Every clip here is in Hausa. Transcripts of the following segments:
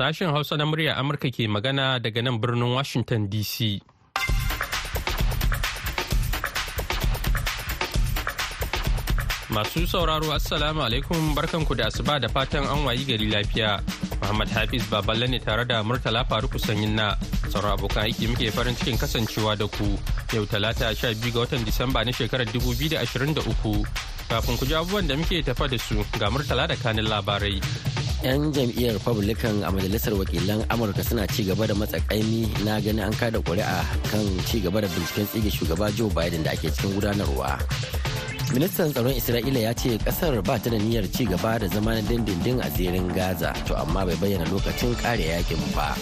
Sashen Hausa na murya Amurka ke magana daga nan birnin Washington DC. Masu sauraro Assalamu alaikum barkanku da asuba da fatan an wayi gari lafiya. Muhammad Hafiz Baballe ne tare da Murtala Faruku Sanyin na sauran abokan aiki muke farin cikin kasancewa da ku yau talata sha biyu ga watan Disamba na shekarar da da ashirin uku Kafin ku ji abubuwan da muke tafa da su ga Murtala da kanin labarai. 'yan jam'iyyar republican a majalisar wakilan amurka suna ci gaba da matsakaimi na ganin an kada kuri'a kan ci gaba da binciken tsige shugaba joe biden da ake cikin gudanarwa ministan tsaron isra'ila ya ce kasar ba ta da niyyar ci gaba da zama na dindindin a zirin gaza to amma bai bayyana lokacin kare yakin ba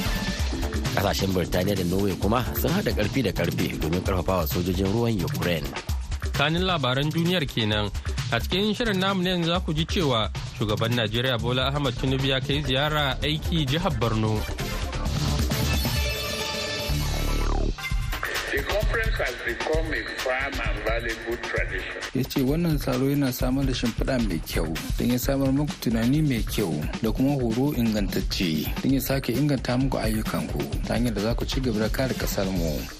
kasashen birtaniya da norway kuma sun hada karfi da karfe domin karfafawa sojojin ruwan ukraine kanin labaran duniyar kenan a cikin shirin namu ne za ku ji cewa shugaban najeriya bola ahmad tinubu ya kai ziyara aiki jihar borno ya ce wannan tsaro yana samar da shimfiɗa mai kyau don ya samar muku tunani mai kyau da kuma horo ingantacce don ya sake inganta muku ayyukanku ta hanyar da za ku ci gaba da kare ƙasar mu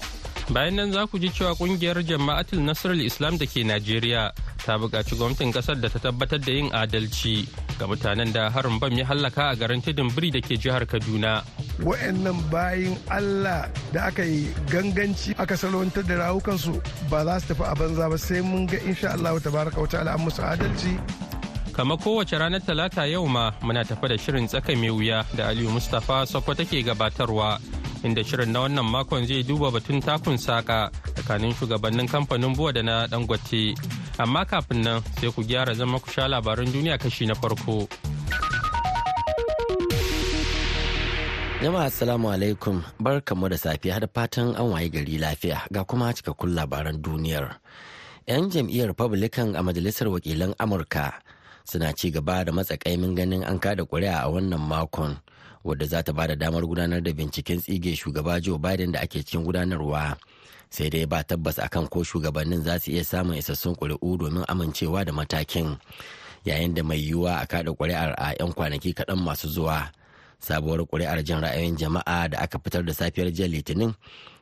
bayan nan za ku ji cewa kungiyar jama'atul nasarar islam da ke najeriya ta buƙaci gwamnatin ƙasar da ta tabbatar da yin adalci ga mutanen da harin bam ya hallaka a garin tudun biri da ke jihar kaduna wa'annan bayan allah da aka yi ganganci aka salwantar da rawukansu ba za su tafi a banza ba sai mun ga insha allah tabaraka wata ala'an musu adalci kama kowace ranar talata yau ma muna tafa da shirin tsaka mai wuya da aliyu mustapha sakwa take gabatarwa inda shirin na wannan makon zai duba batun takun saka tsakanin shugabannin kamfanin buwa da na dangote amma kafin nan sai ku gyara zama ku sha labaran duniya kashi na farko jama'a assalamu alaikum barkamu da safiya da fatan an waye gari lafiya ga kuma cikakkun labaran duniyar 'yan jam'iyyar republican a majalisar wakilan amurka suna ci gaba da matsakaimin ganin an kada kuri'a a wannan makon wadda za ta bada damar gudanar da binciken tsige shugaba Joe Biden da ake cikin gudanarwa. Sai dai ba tabbas akan ko shugabannin za su iya samun isassun ƙuri'u domin amincewa da matakin. Yayin da mai yiwuwa a kada ƙuri'ar a 'yan kwanaki kaɗan masu zuwa. Sabuwar ƙuri'ar jin ra'ayin jama'a da aka fitar da safiyar jiya Litinin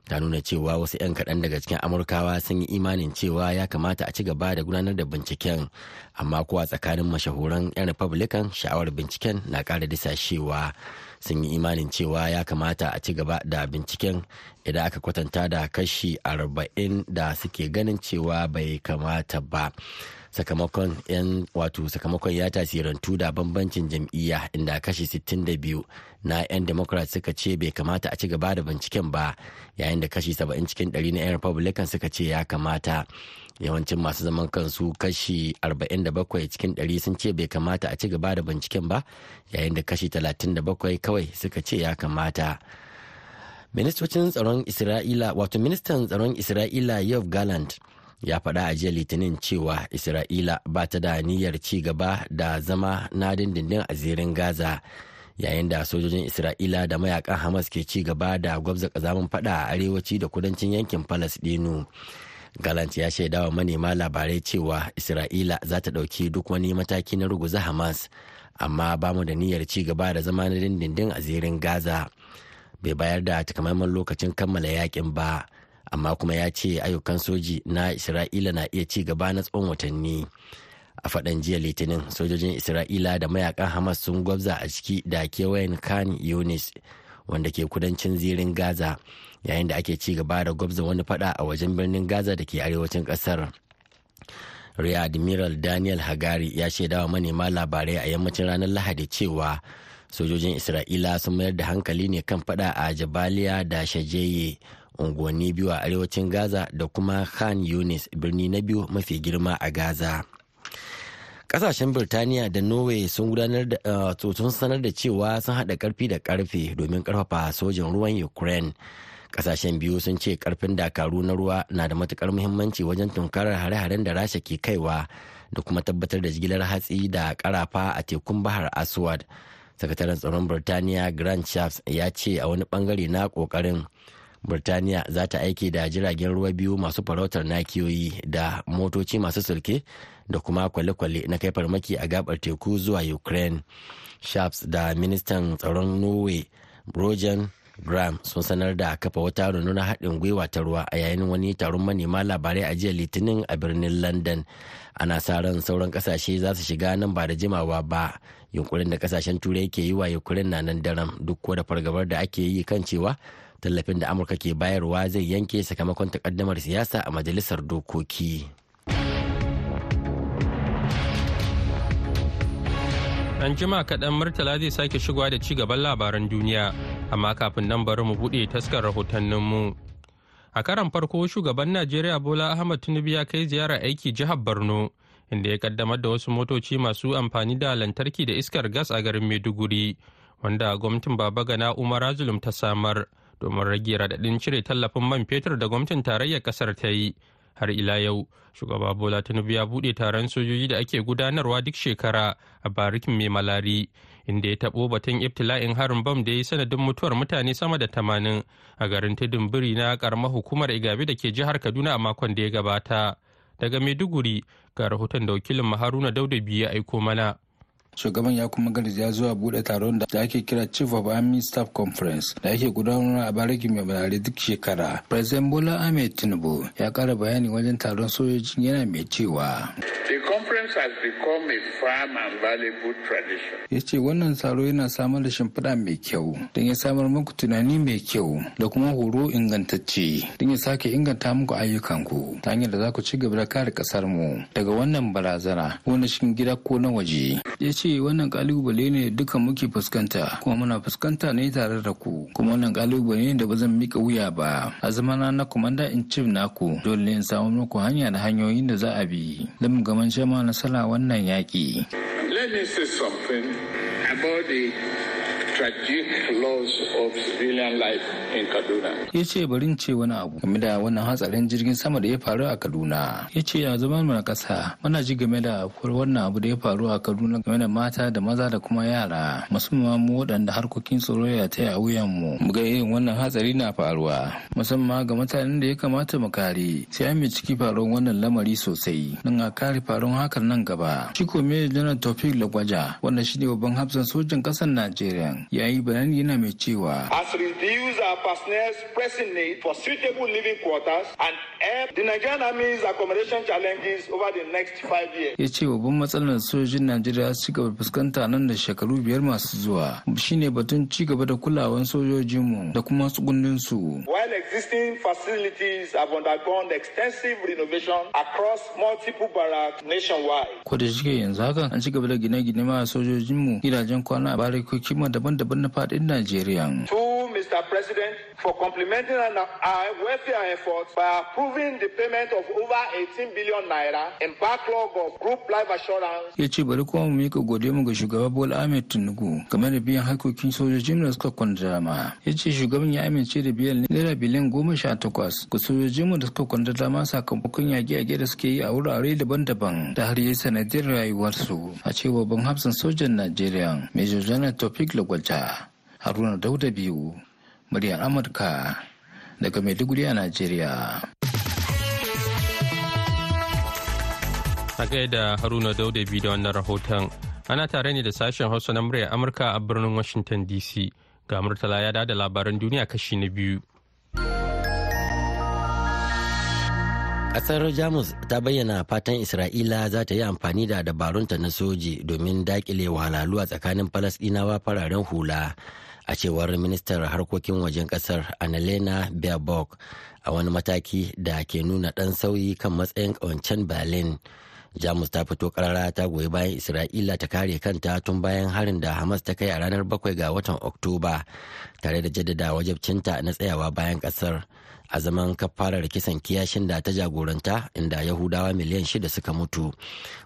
ta nuna cewa wasu 'yan kaɗan daga cikin amurkawa sun yi imanin cewa ya kamata a ci gaba da gudanar da binciken amma kuwa tsakanin mashahuran 'yan republican sha'awar binciken na ƙara disashewa sun yi imanin cewa ya kamata a ci gaba da binciken idan aka kwatanta da kashi 40 da suke ganin cewa bai kamata ba sakamakon yan wato sakamakon ya tasirantu da bambancin jam'iyya inda kashi 62 na 'yan democrat suka ce bai kamata a ci gaba da binciken ba yayin da kashi 70 cikin 100 na 'yan republican suka ce ya kamata yawancin masu zaman kansu kashi 47 cikin 100 sun ce bai kamata a ci gaba da binciken ba yayin da kashi 37 kawai suka ce ya kamata ministocin tsaron isra'ila wato ministan tsaron isra'ila yov galant ya faɗa a jiya litinin cewa isra'ila ba ta da niyyar ci gaba da zama na dindindin a zirin gaza yayin da sojojin isra'ila da mayakan hamas ke ci gaba da gwabza kazamin faɗa a arewaci da kudancin yankin dinu, galant ya shaida wa manema labarai cewa isra'ila za ta ɗauki duk wani mataki na ruguza hamas amma ba mu da niyyar ci gaba da zama na dindindin a zirin gaza bai bayar da takamaiman lokacin kammala yakin ba amma kuma ya ce ayyukan soji na isra'ila na iya ci gaba na tsawon watanni a faɗan jiya litinin sojojin isra'ila da mayakan hamas sun gwabza a ciki da kewayen khan yunis wanda ke kudancin zirin gaza yayin da ake ci gaba da gwabza wani fada a wajen birnin gaza da ke arewacin ƙasar rear admiral daniel hagari ya shaidawa manema labarai a yammacin ranar lahadi cewa sojojin isra'ila sun mayar da hankali ne kan fada a jabaliya da shajeye unguwanni biyu a arewacin gaza da kuma khan yunis birni na biyu mafi girma a gaza kasashen birtaniya da norway sun gudanar da eh, sun sanar da cewa sun hada karfi da karfe domin karfafa sojan ruwan ukraine kasashen biyu sun ce karfin dakaru na ruwa na da matukar muhimmanci wajen tunkarar hare-haren da rasha ke kaiwa da kuma tabbatar da jigilar hatsi da karafa a tekun bahar aswad sakataren tsaron birtaniya grand shafts ya ce a wani bangare na kokarin Birtaniya za ta aiki da jiragen ruwa biyu masu farautar nakiyoyi da motoci masu sulke da kuma kwale-kwale na kai farmaki a gabar teku zuwa Ukraine. Sharps da ministan tsaron Norway Roger Graham sun sanar da kafa wata rundunar haɗin gwiwa ta ruwa a yayin wani taron manema labarai a jiya Litinin a birnin London. Ana sa ran sauran ƙasashe za su shiga nan ba da jimawa ba. Yunkurin da ƙasashen Turai ke yi wa Ukraine na nan daren duk da fargabar da ake yi kan cewa tallafin da amurka ke bayarwa zai yanke sakamakon takaddamar siyasa a majalisar dokoki an jima kaɗan murtala zai sake shigowa da ci gaban labaran duniya amma kafin nan bari mu buɗe taskar rahotanninmu a karan farko shugaban najeriya bola ahmad tinubu ya kai ziyara aiki jihar borno inda ya kaddamar da wasu motoci masu amfani da lantarki da iskar gas a garin maiduguri wanda gwamnatin baba gana umar azulum ta samar domin rage radadin cire tallafin man fetur da gwamnatin tarayyar kasar ta yi har ila yau shugaba bola tinubu ya bude taron sojoji da ake gudanarwa duk shekara a barikin mai malari inda ya tabo batun ibtila'in harin bam da ya yi sanadin mutuwar mutane sama da tamanin a garin tudun biri na karamar hukumar igabe da ke jihar kaduna a makon da ya gabata daga maiduguri ga rahoton da wakilin haruna dauda biyu ya aiko mana shugaban ya kuma ya zuwa bude taron da ake kira chief of army staff conference da ake gudanarwa a barikin mai bulare duk shekara president bola ahmed tinubu ya kara bayani wajen taron sojojin yana mai cewa The conference has become Ya ce wannan taro yana samar da shimfiɗa mai kyau don ya samar muku tunani mai kyau da kuma horo ingantacce don ya sake inganta muku ayyukanku ta hanyar da za ku ci gaba da kare ƙasar mu daga wannan barazana ko na cikin gida ko na waje. Ya ce wannan kalubale ne dukan muke fuskanta kuma muna fuskanta ne tare da ku kuma wannan kalubale ne da ba zan mika wuya ba a zamana na kumanda in cif naku dole in samu muku hanya da hanyoyin da za a bi don mu domin ma nasara wannan yaƙi. Let me say something about the tragic loss of civilian life in Kaduna. Ya ce barin ce wani abu game da wannan hatsarin jirgin sama da ya faru a Kaduna. Ya ce a zaman mana kasa muna ji game da wannan abu da ya faru a Kaduna game da mata da maza da kuma yara musamman mu waɗanda harkokin tsaro ya taya a wuyan mu. Mu ga irin wannan hatsari na faruwa musamman ga mutanen da ya kamata mu kare sai an ciki faruwar wannan lamari sosai Nan a kare faruwar hakan nan gaba. Shi ko me Janar Tofik Lagwaja wanda shi ne babban hafsan sojin kasan Najeriya ya yi bayani yana mai cewa. As our personnel's pressing need for suitable living quarters and help the Nigerian Army's accommodation challenges over the next five years. Ya ce babban matsalar sojin Najeriya su gaba fuskanta nan da shekaru biyar masu zuwa shine batun ci gaba da kulawan sojojinmu da kuma su. While existing facilities have undergone extensive renovation across multiple barracks nationwide. Ko da shi yanzu haka an ci gaba da gine-gine ma sojojinmu gidajen kwana a barikoki daban-daban na faɗin Najeriya. To Mr. President President, for complementing our welfare efforts by approving the payment of over 18 billion naira in backlog of group life assurance. Ya ce bari kuma mu mika gode mu ga shugaba Bola Ahmed Tinubu game da biyan hakokin sojojin da suka kwandama. Ya ce shugaban ya amince da biyan naira biliyan goma sha takwas ga sojojin mu da suka kwanta dama sakamakon yaƙe-yaƙe da suke yi a wurare daban-daban da har yi sanadin rayuwarsu a cewa ban hafsan sojan Najeriya Major General topic Lagwaja. Haruna Dauda biyu muryar Amurka daga Maiduguri a Najeriya. A da Haruna Dauda biyu da wannan rahoton. Ana tare ne da sashen Hausa na muryar Amurka a birnin Washington DC. Ga Murtala ya da labaran duniya kashi na biyu. Ƙasar Jamus ta bayyana fatan Isra'ila za ta yi amfani da dabarunta na soji domin daƙile wahalalu a tsakanin Falasɗinawa fararen hula. a cewar ministar harkokin wajen kasar annalena baerbock a wani mataki da ke nuna ɗan sauyi kan matsayin ƙawancen berlin jamus ta fito karara ta goyi bayan isra'ila ta kare kanta tun bayan harin da hamas ta kai a ranar 7 ga watan oktoba tare da jaddada wajabcinta na tsayawa bayan ƙasar. a zaman kafarar kisan kiyashin da ta jagoranta inda yahudawa miliyan shida suka mutu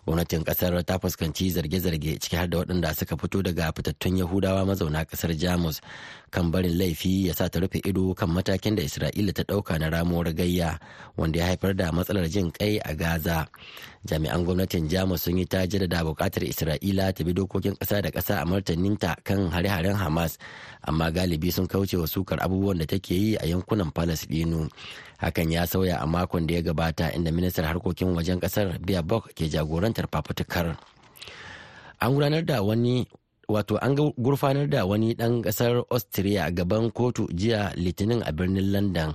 gwamnatin kasar ta fuskanci zarge-zarge ciki har da waɗanda suka fito daga fitattun yahudawa mazauna kasar jamus kan barin laifi ya sa ta rufe ido kan matakin da isra'ila ta ɗauka na ramuwar gayya wanda ya haifar da matsalar jin kai a gaza jami'an gwamnatin jamus sun yi ta jaddada buƙatar isra'ila ta bi dokokin ƙasa da ƙasa a martanin ta kan hare-haren hamas amma galibi sun kauce wa sukar abubuwan da take yi a yankunan dinu. hakan ya sauya a makon da ya gabata inda ministar harkokin wajen ƙasar biya bok ke jagorantar fafutukar an gudanar da wani wato an gurfanar da wani ɗan ƙasar austria gaban kotu jiya litinin a birnin london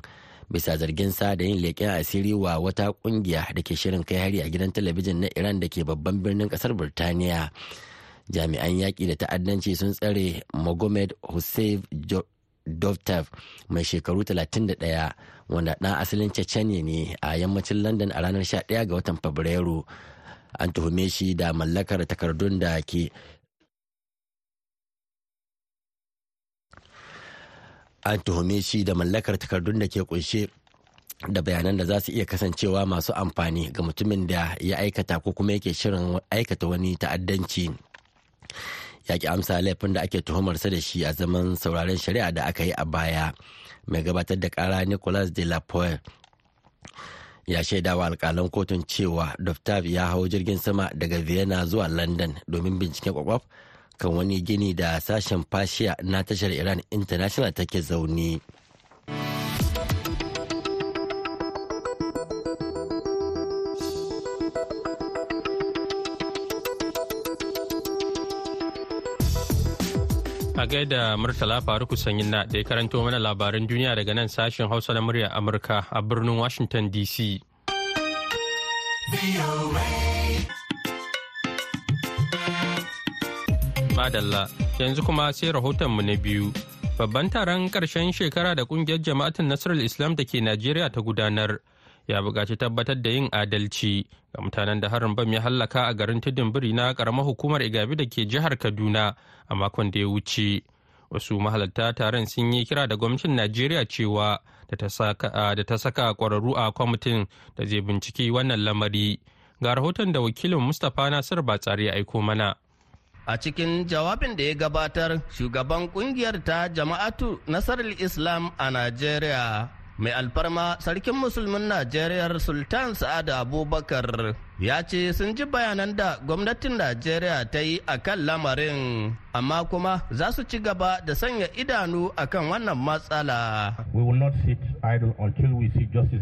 bisa zargin sa da yin leƙen asiri wa wata ƙungiya da ke shirin kai hari a gidan talabijin na iran da ke babban birnin ƙasar birtaniya jami'an yaƙi da ta'addanci sun tsare mohamed hussein dovtev mai shekaru 31 wanda ɗan asalin cecenia ne a yammacin london a ranar 11 ga watan fabrairu an tuhume shi da mallakar takardun da ke an tuhume shi da mallakar takardun da ke kunshe da bayanan da za su iya kasancewa masu amfani ga mutumin da ya aikata ko kuma yake shirin aikata wani ta'addanci ya ki amsa laifin da ake tuhumarsa da shi a zaman sauraren shari'a da aka yi a baya mai gabatar da kara nicolas de la poire ya shaidawa alkalan kotun cewa doctor ya hau jirgin sama daga vienna zuwa london domin binciken kwakwaf kan wani gini da sashen fashiya na tashar iran international take zaune a gaida murtala faruk sanyin na da ya karanto mana labaran duniya daga nan sashen hausa na murya amurka a birnin washington dc madalla yanzu kuma sai rahotonmu na biyu. Babban taron ƙarshen shekara da ƙungiyar jama'atin Nasarar Islam da ke Najeriya ta gudanar ya buƙaci tabbatar da yin adalci ga mutanen da harin bam ya hallaka a garin tudun biri na ƙaramar hukumar Igabi da ke jihar Kaduna a makon da ya wuce. Wasu mahalarta taron sun yi kira da gwamnatin Najeriya cewa da ta saka ƙwararru a kwamitin da zai binciki wannan lamari. Ga rahoton da wakilin Mustapha Nasir Batsari ya aiko mana. a cikin jawabin da ya gabatar shugaban kungiyar ta jama'atu nasarar islam a najeriya mai alfarma sarkin musulmin najeriya sultan Sa'ad abubakar ya ce sun ji bayanan da gwamnatin najeriya ta yi a kan lamarin amma kuma za su ci gaba da sanya idanu a kan wannan matsala not sit idle until we see justice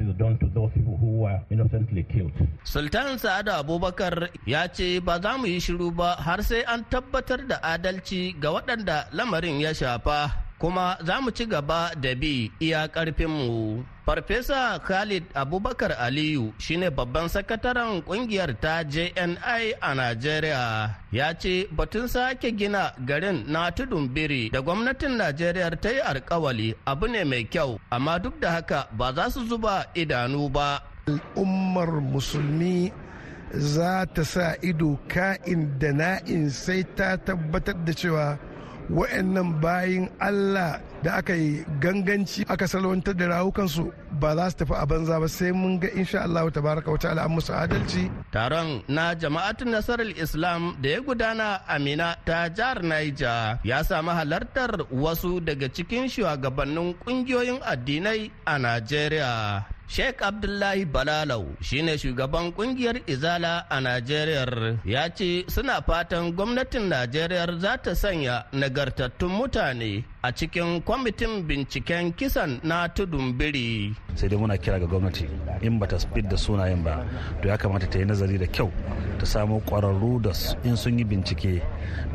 sultan Sa'ad abubakar ya ce ba za mu yi shiru ba har sai an tabbatar da adalci ga waɗanda lamarin ya shafa kuma za mu ci gaba da bi iya ƙarfinmu. Farfesa Khalid Abubakar Aliyu shine babban sakataren kungiyar ta JNI a Najeriya ya ce batun sake gina garin na tudun biri da gwamnatin Najeriya ta yi alkawali abu ne mai kyau amma duk da haka ba za su zuba idanu ba. Al'ummar musulmi za ta sa ido ka'in da na'in sai ta tabbatar da cewa wa'annan bayin Allah da aka yi ganganci aka salwantar da rawukansu ba za su tafi a banza ba sai mun ga insha Allah wata wa ta'ala an musu adalci. Taron na jama'atun nasarar Islam da ya gudana Amina ta jihar Naija ya sami halartar wasu daga cikin shugabannin kungiyoyin addinai a Najeriya. Sheikh Abdullahi Balalau shine shugaban kungiyar Izala a Najeriya ya ce suna fatan gwamnatin Najeriya za ta sanya nagartattun mutane a cikin kwamitin binciken kisan na tudun biri. sai dai muna kira ga gwamnati in bata speed da sunayen ba to ya kamata ta yi nazari da kyau ta samu kwararru da in sun yi bincike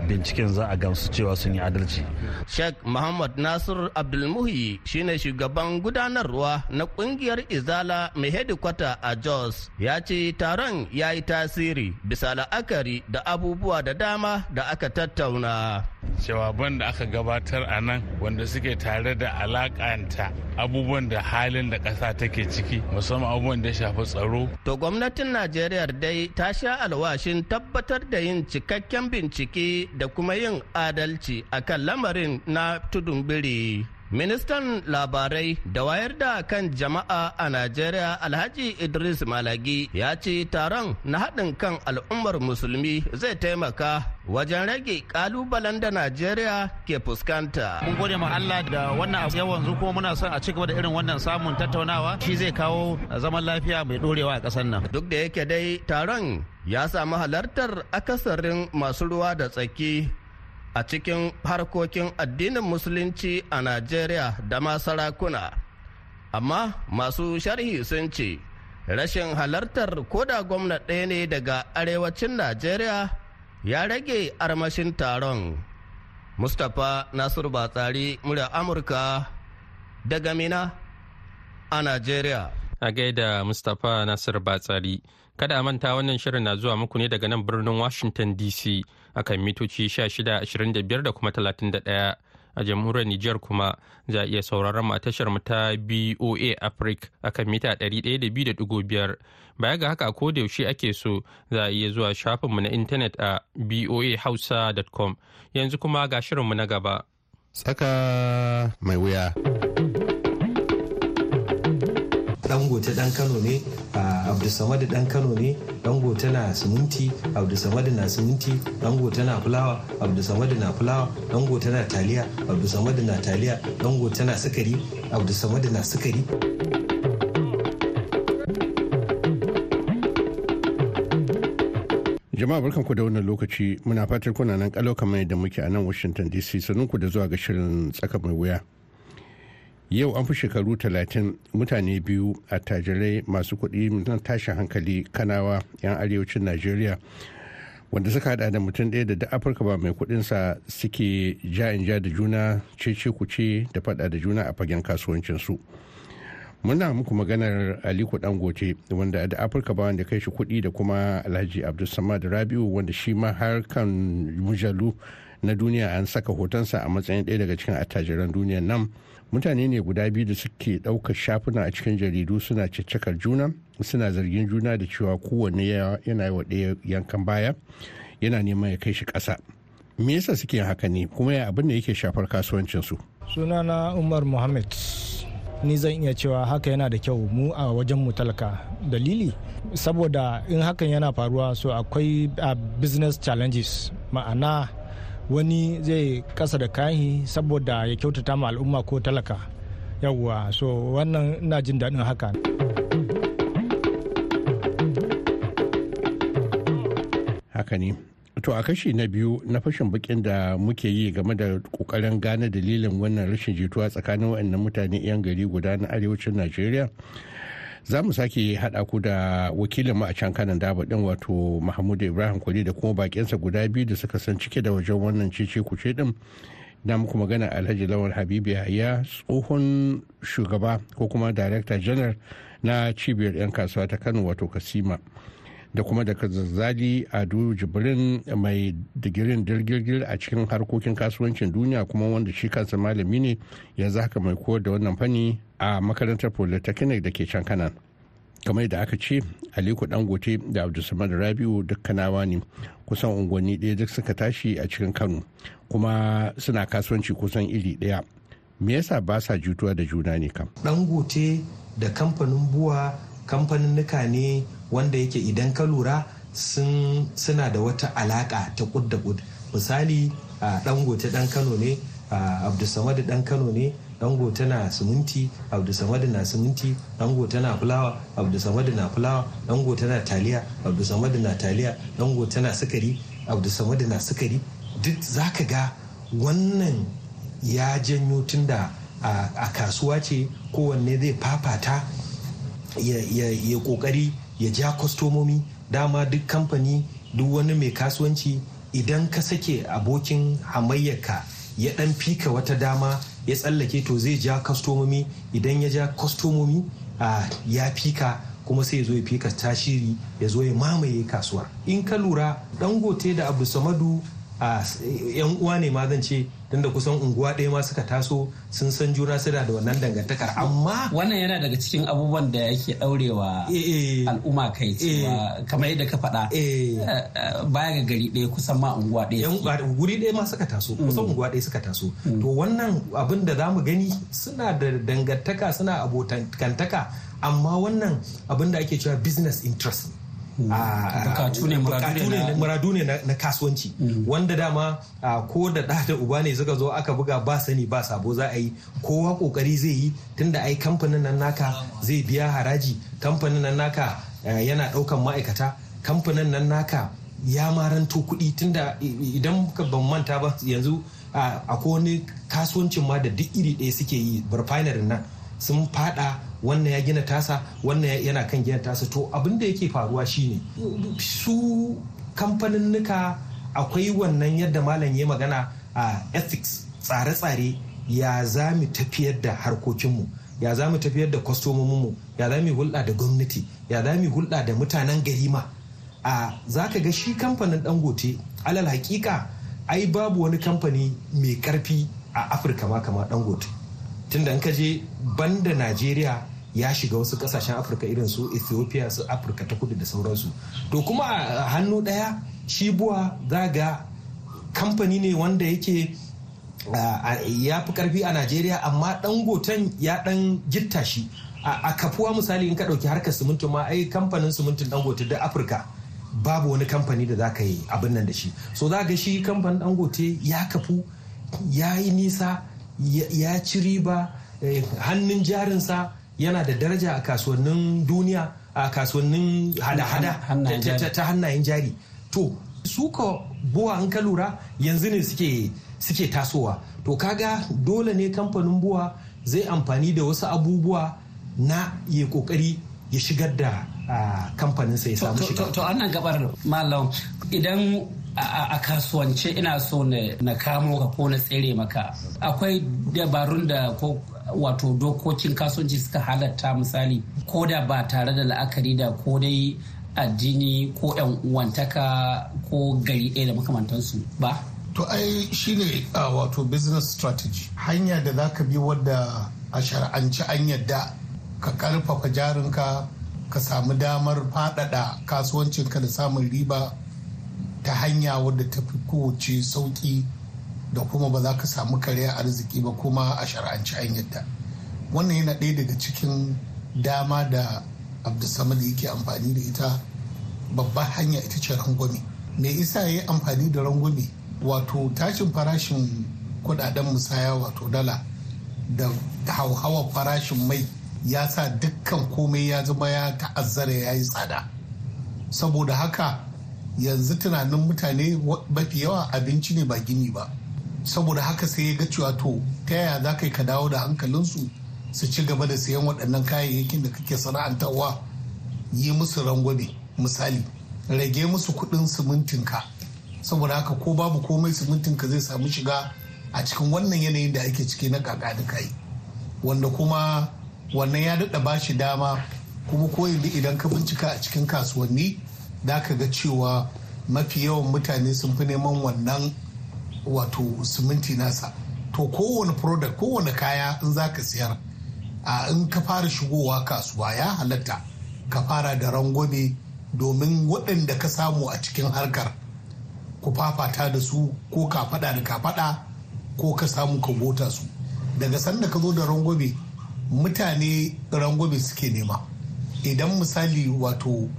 binciken za a gamsu cewa sun yi adalci sheikh muhammad nasir abdulmuhi shine shugaban gudanarwa na kungiyar izala mai hedikwata a jos ya ce taron ya yi tasiri bisa la'akari da abubuwa da dama da aka tattauna jawaban da aka gabatar a nan wanda suke tare da alakanta abubuwan da halin da ƙasa take ciki musamman abubuwan da shafi tsaro. To gwamnatin Najeriya dai ta sha alwashin tabbatar da yin cikakken bincike da kuma yin adalci akan lamarin na tudun biri. Ministan labarai da wayar da kan jama'a a Najeriya Alhaji Idris Malagi ya ce taron na haɗin kan al'ummar musulmi zai taimaka wajen rage ƙalubalen da Najeriya ke fuskanta. Mun gode ma Allah da wannan abu. yawan zuko muna son a ci gaba da irin wannan samun tattaunawa shi zai kawo zaman lafiya mai ɗorewa a ƙasar nan. Duk da yake dai taron ya samu halartar akasarin masu ruwa da tsaki a cikin harkokin addinin musulunci a najeriya da ma sarakuna amma masu sharhi sun ce rashin halartar koda gwamna ɗaya ne daga arewacin najeriya ya rage armashin taron mustapha Nasir batsari murya amurka daga mina a najeriya a gaida mustapha Nasir batsari Kada a manta wannan shirin na zuwa muku ne daga nan birnin Washington DC a kan mitoci 1625 da kuma 31 a jamhuriyar Nijar kuma za a iya sauraron mu a tashar mu ta BOA Africa akan mita 102.5 baya ga haka ko da yaushe ake so za a iya zuwa shafin mu na intanet a boahausa.com yanzu kuma ga shirin mu na gaba. Tsaka mai wuya. dangote dan kano ne samadu dan kano ne dangote na siminti samadu na siminti dangote na fulawa samadu na fulawa dangote na taliya samadu na taliya dangote na sukari samadu na sukari jama'a barkanku da wannan lokaci muna fatar kuna nan kalau kamar yadda muke a nan washington dc sanunku da zuwa ga shirin tsaka mai wuya yau an fi shekaru talatin mutane biyu attajirai masu kuɗi na tashin hankali kanawa 'yan arewacin najeriya wanda suka hada da mutum ɗaya da da afirka ba mai kuɗinsa suke ja in ja da juna cece kuce da faɗa da juna a fagen kasuwancinsu muna muku maganar aliko dangote wanda da afirka ba wanda kai shi kuɗi da kuma alhaji abdulsamad rabiu wanda shi ma har kan mujallu na duniya an saka hotonsa a matsayin ɗaya daga cikin attajiran duniya nan mutane ne guda biyu da suke ɗaukar shafuna a cikin jaridu suna caccakar juna suna zargin juna da cewa kowanne yana yi wa ɗaya yankan baya yana neman ya kai shi ƙasa me yasa suke haka ne kuma ya abin da yake shafar kasuwancinsu sunana umar mohammed ni zan iya cewa haka yana da kyau mu a wajen mu talaka dalili saboda in hakan yana faruwa so akwai ah, business challenges ma'ana wani zai kasa da kayan saboda ya kyautata ma al'umma ko talaka yawwa so wannan ina jin daɗin haka haka ne to a kashi na biyu na fashin bakin da muke yi game da kokarin gane dalilin wannan rashin jituwa tsakanin wa'annan mutane 'yan gari guda na arewacin najeriya za mu sake haɗa ku da wakilin mu a can kanan daba ɗin wato mahmud ibrahim kwali da kuma bakinsa guda biyu da suka san cike da wajen wannan cece kuce ɗin na muku magana alhaji lawal habibu ya tsohon shugaba ko kuma director general na cibiyar 'yan kasuwa ta kano wato kasima da kuma da zazzali ado jibrin mai digirin dirgirgir a cikin harkokin kasuwancin duniya kuma wanda shi kansa malami ne yanzu haka mai koyar da wannan fanni a makarantar polytechnic da ke can kanan kamar da aka ce aliko dangote da abdulsamad rabiu kanawa ne kusan unguwanni ɗaya duk suka tashi a cikin kano kuma suna kasuwanci kusan iri ɗaya me yasa ba sa jutuwa da juna ne kam dangote da kamfanin buwa kamfanin nuka ne wanda yake idan ka lura suna da wata alaka ta kud da kud misali dangote dan kano ne abdulsamad dan kano ne dango tana siminti abdu samadu na siminti dango tana fulawa abdu samadu na fulawa dango tana taliya abdu samadu na taliya dango tana sukari abdu samadu na sukari duk zaka ga wannan ya janyo tunda a kasuwa ce kowanne zai fafata ya kokari ya ja kwastomomi dama duk kamfani duk wani mai kasuwanci idan ka sake abokin hamayyarka ya dan fika wata dama ya tsallake to zai ja kastomomi idan ya ja kwastomomi ya fika kuma sai ya zo ya fika tashiri ya zo ya mamaye kasuwar in ka lura dangote da abu samadu yan uwa ne ma zan ce tunda kusan unguwa ɗaya ma suka taso sun san juna suna da wannan dangantakar amma wannan yana daga cikin abubuwan da yake ɗaurewa eh, eh. al'umma kai eh. cewa kamar yadda ka faɗa baya ga gari ɗaya kusan ma unguwa ɗaya guri ɗaya ma suka taso mm. kusan unguwa ɗaya suka taso mm. to wannan abin da zamu gani suna da dangantaka suna abotantaka amma wannan abin da ake cewa business interest Hmm. Ah, bukatu ne muradu ne na kasuwanci hmm. wanda dama ah, ko da da da uba ne suka zo aka buga ba sani ba sabo za a yi kowa kokari zai yi tunda ai kamfanin nan naka zai biya haraji kamfanin nan naka eh, yana ɗaukan ma'aikata kamfanin nan naka ya maranto kuɗi tunda idan ban manta ba yanzu a ah, wani kasuwancin ma da duk iri ɗaya suke yi burfainarin nan sun fada wannan ya gina tasa wannan yana kan gina tasa to abin da yake faruwa shine su kamfanin nuka akwai wannan yadda malam ya magana a ethics tsare-tsare ya za mu tafiyar da harkokinmu ya za mu tafiyar da kwastomominmu ya za mu hulɗa da gwamnati ya za mu hulɗa da mutanen gari a za ka ga shi kamfanin dangote alal hakika ai babu wani kamfani mai karfi a afirka ma kama dangote tunda in ka je banda najeriya ya shiga wasu kasashen afirka irin su ethiopia su afirka ta kudu da sauransu to kuma a hannu daya shi buwa zaga kamfani ne wanda yake ya fi karfi a najeriya amma dan ya dan gitta shi a kafuwa misali in ka dauki harkar siminti ma ai kamfanin simintin dangote da afirka babu wani kamfani da za ka yi abin nan da shi so za ga shi kamfanin dangote ya kafu ya yi nisa ya ci riba eh, hannun jarinsa yana da daraja a kasuwannin duniya a kasuwannin hada-hada ta hannayen jari to su ka buwa an ka lura yanzu ne suke tasowa to kaga dole ne kamfanin buwa zai amfani da wasu abubuwa na ya kokari ya shigar da kamfaninsa ya samu shiga to annan gabar malam idan a kasuwance ina so na kamo ka ko na tsere maka akwai dabarun da ko wato dokokin kasuwanci suka halatta misali ko da ba tare da la'akari da ko dai addini ko yan uwantaka ko gari ɗaya da makamantansu ba to ai shine wato business strategy hanya da za ka bi wadda a shara'anci an yadda ka karfafa jarinka ka samu damar faɗaɗa kasuwancinka da samun riba ta hanya wadda ta fi kowace sauƙi da kuma ba za ka samu karya arziki ba kuma a shara'anci an yadda wannan yana ɗaya daga cikin dama da abdulsamad yake amfani da ita babbar hanya ita ce rangwame me isa ya yi amfani da rangwame wato tashin farashin kudaden musaya wato dala da hauhawar farashin mai ya sa dukkan komai ya zama ya ta'azzara ya yi tsada saboda haka yanzu tunanin mutane mafi yawa abinci ne ba gini ba saboda haka sai ya ga cewa to ta yaya za ka yi ka dawo da hankalinsu su ci gaba da sayan waɗannan kayayyakin da kake sana'antarwa yi musu rangwame misali rage musu kuɗin simintinka saboda haka ko babu komai simintinka zai samu shiga a cikin wannan yanayin da ake ciki na kaka da kai wanda kuma wannan ya daɗa ba shi dama kuma ko yanzu idan ka bincika a cikin kasuwanni da ka ga cewa mafi yawan mutane sun fi neman wannan wato siminti nasa to kowane product kowane kaya in za ka siyar a in ka fara shigowa kasuwa ya halatta ka fara da rangwame domin waɗanda ka samu a cikin harkar ku fafata da su ko ka faɗa da ka faɗa ko ka samu ka bota su daga sanda ka zo da rangwame mutane rangwame suke nema idan misali wato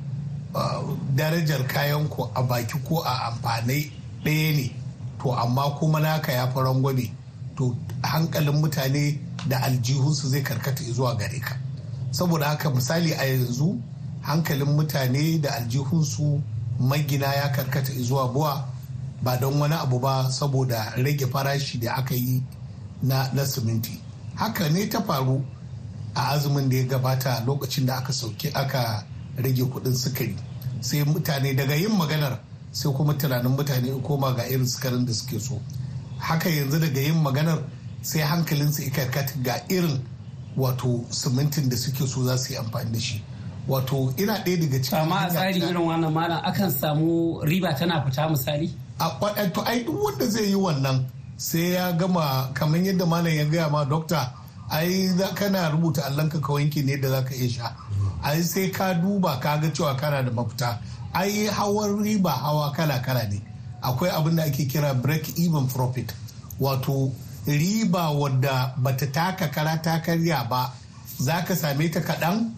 darajar kayan ku a baki ko a amfani ɗaya ne to amma kuma naka ya faran gwani to hankalin mutane da aljihunsu zai karkata zuwa gare ka saboda haka misali a yanzu hankalin mutane da aljihunsu magina ya karkata zuwa buwa ba don wani abu ba saboda rage farashi da aka yi na, na siminti haka ne ta faru a azumin da ya gabata lokacin da aka sauke aka rage kudin sukari sai mutane daga yin maganar sai kuma tunanin mutane koma ga irin sukarin da suke so haka yanzu daga yin maganar sai hankalinsu ikarkat ga irin wato simintin da suke so za su yi amfani da shi wato ina ɗaya daga cikin amma a tsari irin wannan malam akan samu riba tana fita misali a kwadanto ai duk wanda zai yi wannan sai ya gama kamar yadda malam ya gaya ma dokta ai kana rubuta allon ka ka wanke ne da za ka iya sha ai sai ka duba ka ga cewa kana da mafita ai hawan riba hawa kala-kala ne akwai abin da ake kira break even profit wato riba wadda bata taka kara ta karya ba za ka same ta kaɗan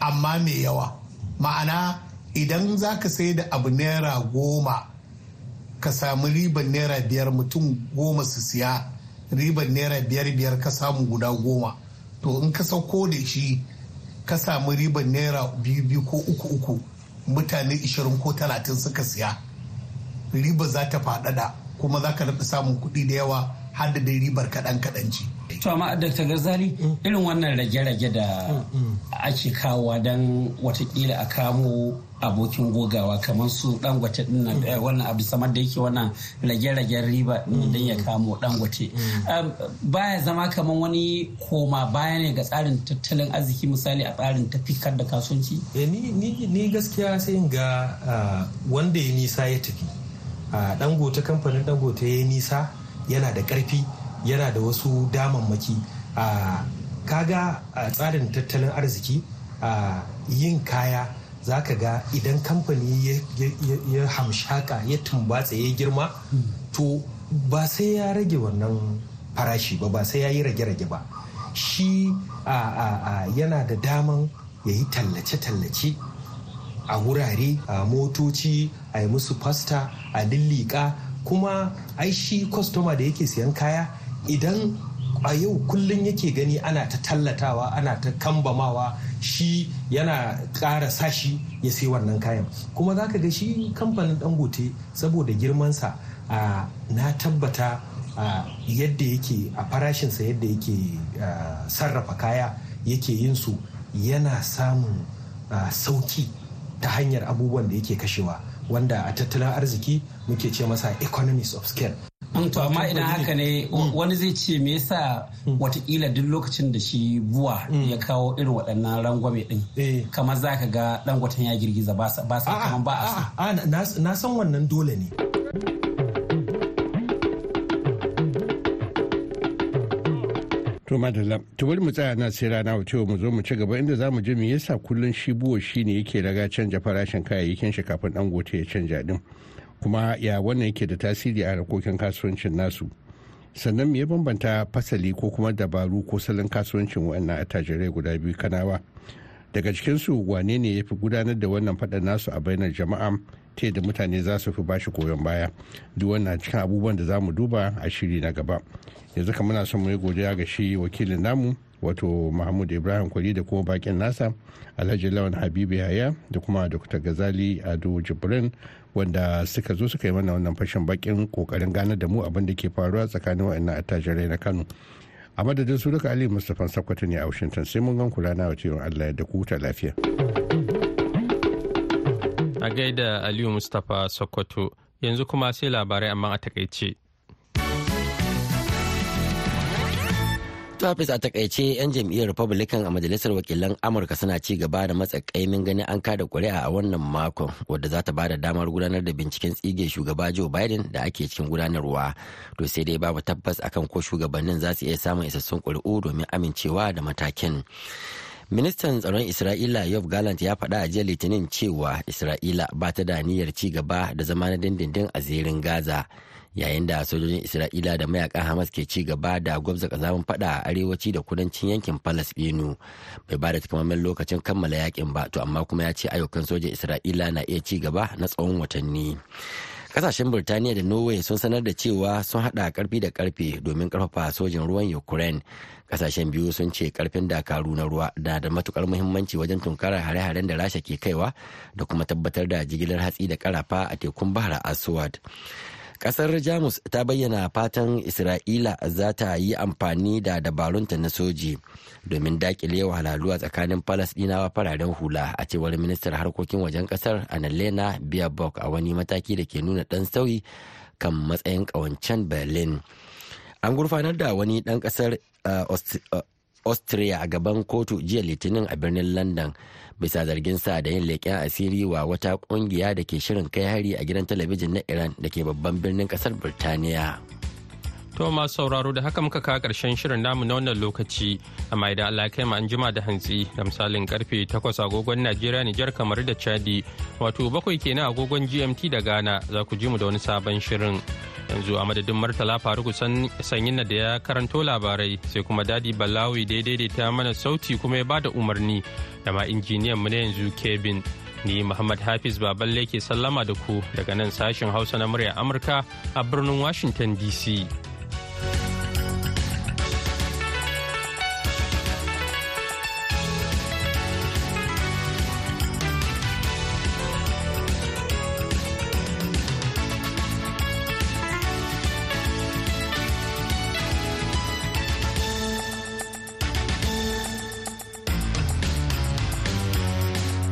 amma mai yawa ma'ana idan za ka sai da abu naira goma ka samu riban naira biyar mutum goma su siya riban naira biyar biyar ka samu guda goma to in ka sauko da shi ka samu riban naira biyu biyu ko uku uku mutane 20 ko 30 suka siya riba za ta faɗaɗa kuma za ka samun kuɗi da yawa har da ribar kaɗan kaɗan to amma dr garzali irin wannan rage-rage da ake kawo don watakila a kamo abokin gogawa kamar su dangote dinnan eh, wannan abu samar da yake wannan rage-ragen riba don ya kamo dangote baya zama kamar wani koma baya ne ga tsarin tattalin arziki misali a tsarin tafikar da kasuwanci eh, ni gaskiya sai ga ah, wanda ya nisa ya tafi ah, dangote kamfanin dangote ya nisa yana da karfi yana da wasu damammaki a kaga a tsarin tattalin arziki a yin kaya za ka ga idan kamfani ya hamshaka ya tumbatsa ya girma to ba sai ya rage wannan farashi ba ba sai ya yi rage-rage ba shi yana da daman ya yi tallace-tallace a wurare a motoci a yi musu fasta a dillika kuma ai shi kwastoma da yake siyan kaya idan a yau kullum yake gani ana ta tallatawa ana ta kambamawa shi yana ƙara sashi ya sai wannan kayan kuma za ka ga shi kamfanin dangote saboda girmansa na tabbata yadda yake a farashinsa yadda yake sarrafa kaya yake yin su yana samun sauki ta hanyar abubuwan da yake kashewa wanda a tattalin arziki muke ce masa economies of scale to amma idan haka ne mm. wani zai ce me yasa mm. watakila duk lokacin da shi buwa mm. ya kawo irin waɗannan rangwame din eh. kamar za ka ga watan ya girgiza ba sa kamar ba a na san wannan dole ne To madalla, to bari mu tsaya na sai rana wuce mu zo mu ci gaba inda za mu ji me yasa kullun shi buwa shine yake raga canja farashin kayayyakin shi kafin ɗan gote ya canja din. kuma ya wannan yake da tasiri a harkokin kasuwancin nasu sannan me ya bambanta fasali ko kuma dabaru ko salon kasuwancin wannan attajirai guda biyu kanawa daga cikinsu wane ne ya fi gudanar da wannan faɗa nasu a bainar jama'a ta da mutane za su fi bashi koyon baya duk wannan cikin abubuwan da za mu duba a shiri na gaba yanzu kamar muna son mu yi godiya ga shi wakilin namu wato mahmud ibrahim kwari da kuma bakin nasa alhaji lawan habibu yaya da kuma dr gazali ado jibrin wanda suka zo suka yi mana wannan fashin bakin kokarin gane da mu abin da ke faruwa tsakanin wa'annan attajirai na kano a madadin su duka ali mustapha sakwata ne a washington sai mun gan kula na wace allah da ku kuta lafiya a gaida aliyu mustapha sokoto yanzu kuma sai labarai amma a takaice office a takaice 'yan jam'iyyar Republican a Majalisar Wakilan Amurka suna ci gaba da matsa kaimin ganin an kada kuri'a a wannan makon wadda za ta ba da damar gudanar da binciken tsige shugaba Joe Biden da ake cikin gudanarwa. To sai dai babu tabbas akan ko shugabannin za su iya samun isassun kuri'u domin amincewa da matakin. ministan tsaron isra'ila Yov gallant ya faɗa a jiya litinin cewa isra'ila ba ta da niyyar ci gaba da zama na dindindin a zirin gaza yayin da sojojin isra'ila da mayakan hamas ke ci gaba da gwabza kazamin fada a arewaci da kudancin yankin palestinu bai ba da takamaiman lokacin kammala yakin ba to amma kuma ya ce ayyukan sojin isra'ila na iya ci gaba na tsawon watanni kasashen birtaniya da norway sun sanar da cewa sun hada karfi da karfe domin karfafa sojin ruwan ukraine kasashen biyu sun ce karfin dakaru na ruwa da da matukar muhimmanci wajen tunkarar hare-haren da rasha ke kaiwa da kuma tabbatar da jigilar hatsi da karafa a tekun bahar aswad Kasar Jamus ta bayyana fatan Isra'ila za ta yi amfani da dabarunta na soji domin dakile wahalhalu a tsakanin Falasɗinawa fararen hula a cewar ministar harkokin wajen kasar Annalena Baerbock a wani mataki da ke nuna ɗan sauyi kan matsayin ƙawancen Berlin. An gurfanar da wani ɗan ƙasar uh, uh, austria a gaban kotu jiya litinin a birnin london bisa zargin sa da yin leƙen asiri wa wata ƙungiya da ke shirin kai hari a gidan talabijin na iran da ke babban birnin ƙasar birtaniya To masu sauraro da haka muka kawo karshen shirin namu na wannan lokaci, amma idan Allah kai ma an jima da hantsi da misalin karfe 8 agogon Najeriya Nijar kamar da Chadi, wato bakwai kenan agogon GMT da Ghana za ku ji mu da wani sabon shirin. yanzu a madadin martala faruku sanyin da ya karanto labarai sai kuma dadi balawi da ya daidaita mana sauti kuma ya bada umarni da ma injiniyan mu na yanzu kebin ni muhammad hafiz baballe ke sallama da ku daga nan sashen hausa na murya amurka a birnin washington dc